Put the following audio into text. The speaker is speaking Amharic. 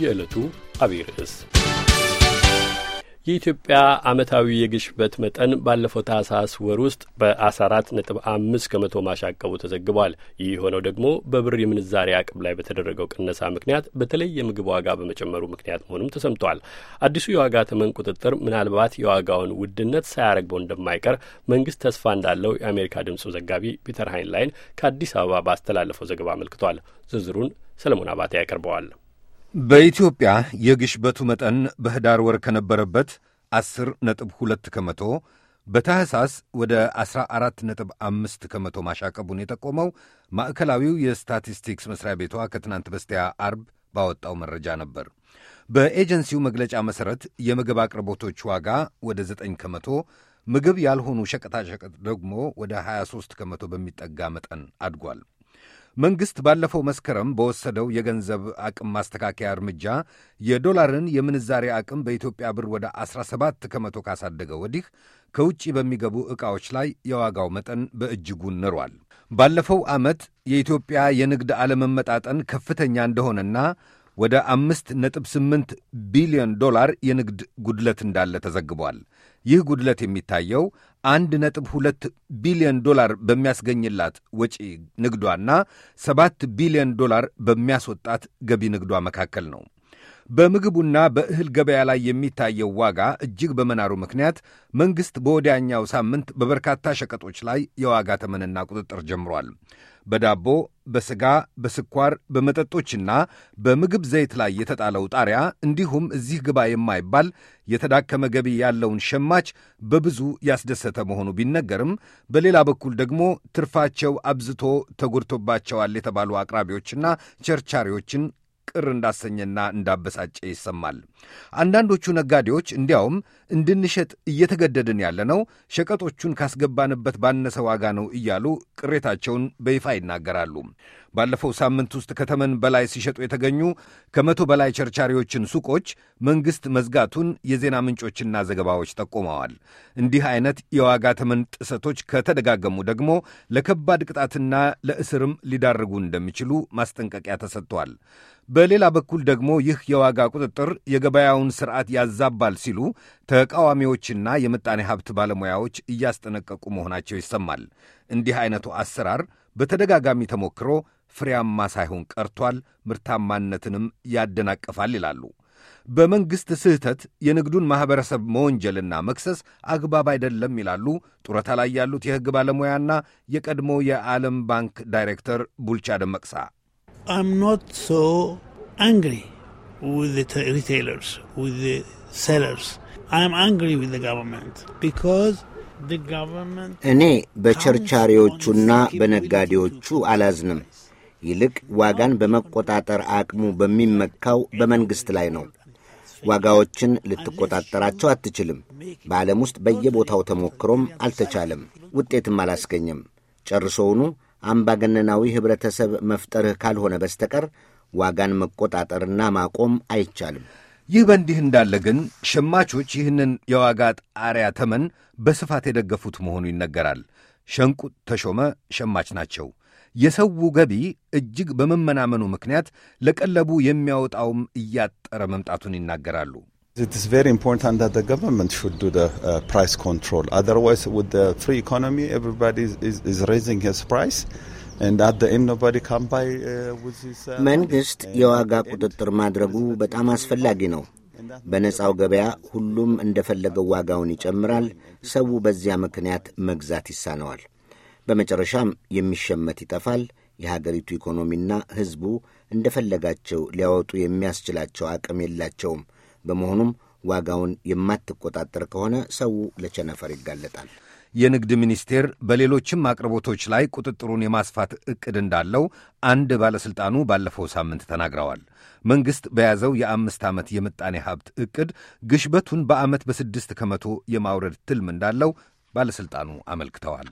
የዕለቱ አብይ ርዕስ የኢትዮጵያ ዓመታዊ የግሽበት መጠን ባለፈው ታህሳስ ወር ውስጥ በ14 ነጥብ አምስት ከመቶ ማሻቀቡ ተዘግቧል። ይህ የሆነው ደግሞ በብር የምንዛሬ አቅም ላይ በተደረገው ቅነሳ ምክንያት በተለይ የምግብ ዋጋ በመጨመሩ ምክንያት መሆኑም ተሰምቷል። አዲሱ የዋጋ ተመን ቁጥጥር ምናልባት የዋጋውን ውድነት ሳያረግበው እንደማይቀር መንግስት ተስፋ እንዳለው የአሜሪካ ድምፁ ዘጋቢ ፒተር ሃይንላይን ከአዲስ አበባ ባስተላለፈው ዘገባ አመልክቷል። ዝርዝሩን ሰለሞን አባቴ ያቀርበዋል። በኢትዮጵያ የግሽበቱ መጠን በህዳር ወር ከነበረበት 10.2 ከመቶ በታህሳስ ወደ 14.5 ከመቶ ማሻቀቡን የጠቆመው ማዕከላዊው የስታቲስቲክስ መሥሪያ ቤቷ ከትናንት በስቲያ አርብ ባወጣው መረጃ ነበር። በኤጀንሲው መግለጫ መሠረት የምግብ አቅርቦቶች ዋጋ ወደ 9 ከመቶ ምግብ ያልሆኑ ሸቀጣሸቀጥ ደግሞ ወደ 23 ከመቶ በሚጠጋ መጠን አድጓል። መንግሥት ባለፈው መስከረም በወሰደው የገንዘብ አቅም ማስተካከያ እርምጃ የዶላርን የምንዛሬ አቅም በኢትዮጵያ ብር ወደ 17 ከመቶ ካሳደገ ወዲህ ከውጭ በሚገቡ ዕቃዎች ላይ የዋጋው መጠን በእጅጉ ንሯል። ባለፈው ዓመት የኢትዮጵያ የንግድ አለመመጣጠን ከፍተኛ እንደሆነና ወደ አምስት ነጥብ ስምንት ቢሊዮን ዶላር የንግድ ጉድለት እንዳለ ተዘግቧል። ይህ ጉድለት የሚታየው አንድ ነጥብ ሁለት ቢሊዮን ዶላር በሚያስገኝላት ወጪ ንግዷና ሰባት ቢሊዮን ዶላር በሚያስወጣት ገቢ ንግዷ መካከል ነው። በምግቡና በእህል ገበያ ላይ የሚታየው ዋጋ እጅግ በመናሩ ምክንያት መንግሥት በወዲያኛው ሳምንት በበርካታ ሸቀጦች ላይ የዋጋ ተመንና ቁጥጥር ጀምሯል። በዳቦ፣ በስጋ፣ በስኳር፣ በመጠጦችና በምግብ ዘይት ላይ የተጣለው ጣሪያ እንዲሁም እዚህ ግባ የማይባል የተዳከመ ገቢ ያለውን ሸማች በብዙ ያስደሰተ መሆኑ ቢነገርም በሌላ በኩል ደግሞ ትርፋቸው አብዝቶ ተጎድቶባቸዋል የተባሉ አቅራቢዎችና ቸርቻሪዎችን ቅር እንዳሰኘና እንዳበሳጨ ይሰማል። አንዳንዶቹ ነጋዴዎች እንዲያውም እንድንሸጥ እየተገደድን ያለነው ሸቀጦቹን ካስገባንበት ባነሰ ዋጋ ነው እያሉ ቅሬታቸውን በይፋ ይናገራሉ። ባለፈው ሳምንት ውስጥ ከተመን በላይ ሲሸጡ የተገኙ ከመቶ በላይ ቸርቻሪዎችን ሱቆች መንግሥት መዝጋቱን የዜና ምንጮችና ዘገባዎች ጠቁመዋል። እንዲህ አይነት የዋጋ ተመን ጥሰቶች ከተደጋገሙ ደግሞ ለከባድ ቅጣትና ለእስርም ሊዳርጉ እንደሚችሉ ማስጠንቀቂያ ተሰጥቷል። በሌላ በኩል ደግሞ ይህ የዋጋ ቁጥጥር የገበያውን ስርዓት ያዛባል ሲሉ ተቃዋሚዎችና የምጣኔ ሀብት ባለሙያዎች እያስጠነቀቁ መሆናቸው ይሰማል። እንዲህ አይነቱ አሰራር በተደጋጋሚ ተሞክሮ ፍሬያማ ሳይሆን ቀርቷል፣ ምርታማነትንም ያደናቅፋል ይላሉ። በመንግሥት ስህተት የንግዱን ማኅበረሰብ መወንጀልና መክሰስ አግባብ አይደለም ይላሉ ጡረታ ላይ ያሉት የሕግ ባለሙያና የቀድሞ የዓለም ባንክ ዳይሬክተር ቡልቻ ደመቅሳ። I'm not so angry with the retailers, with the sellers. I'm angry with the government because the government እኔ በቸርቻሪዎቹና በነጋዴዎቹ አላዝንም። ይልቅ ዋጋን በመቆጣጠር አቅሙ በሚመካው በመንግሥት ላይ ነው። ዋጋዎችን ልትቆጣጠራቸው አትችልም። በዓለም ውስጥ በየቦታው ተሞክሮም አልተቻለም፣ ውጤትም አላስገኘም። ጨርሶውኑ አምባገነናዊ ኅብረተሰብ መፍጠርህ ካልሆነ በስተቀር ዋጋን መቆጣጠርና ማቆም አይቻልም። ይህ በእንዲህ እንዳለ ግን ሸማቾች ይህንን የዋጋ ጣሪያ ተመን በስፋት የደገፉት መሆኑ ይነገራል። ሸንቁጥ ተሾመ ሸማች ናቸው። የሰው ገቢ እጅግ በመመናመኑ ምክንያት ለቀለቡ የሚያወጣውም እያጠረ መምጣቱን ይናገራሉ። It is very important that the government should do the uh, price control. Otherwise, with the free economy, everybody is, is is raising his price. Uh, uh, መንግስት የዋጋ ቁጥጥር ማድረጉ በጣም አስፈላጊ ነው። በነፃው ገበያ ሁሉም እንደፈለገው ዋጋውን ይጨምራል። ሰው በዚያ ምክንያት መግዛት ይሳነዋል። በመጨረሻም የሚሸመት ይጠፋል። የሀገሪቱ ኢኮኖሚና ሕዝቡ እንደፈለጋቸው ሊያወጡ የሚያስችላቸው አቅም የላቸውም። በመሆኑም ዋጋውን የማትቆጣጠር ከሆነ ሰው ለቸነፈር ይጋለጣል። የንግድ ሚኒስቴር በሌሎችም አቅርቦቶች ላይ ቁጥጥሩን የማስፋት እቅድ እንዳለው አንድ ባለሥልጣኑ ባለፈው ሳምንት ተናግረዋል። መንግሥት በያዘው የአምስት ዓመት የምጣኔ ሀብት እቅድ ግሽበቱን በዓመት በስድስት ከመቶ የማውረድ ትልም እንዳለው ባለሥልጣኑ አመልክተዋል።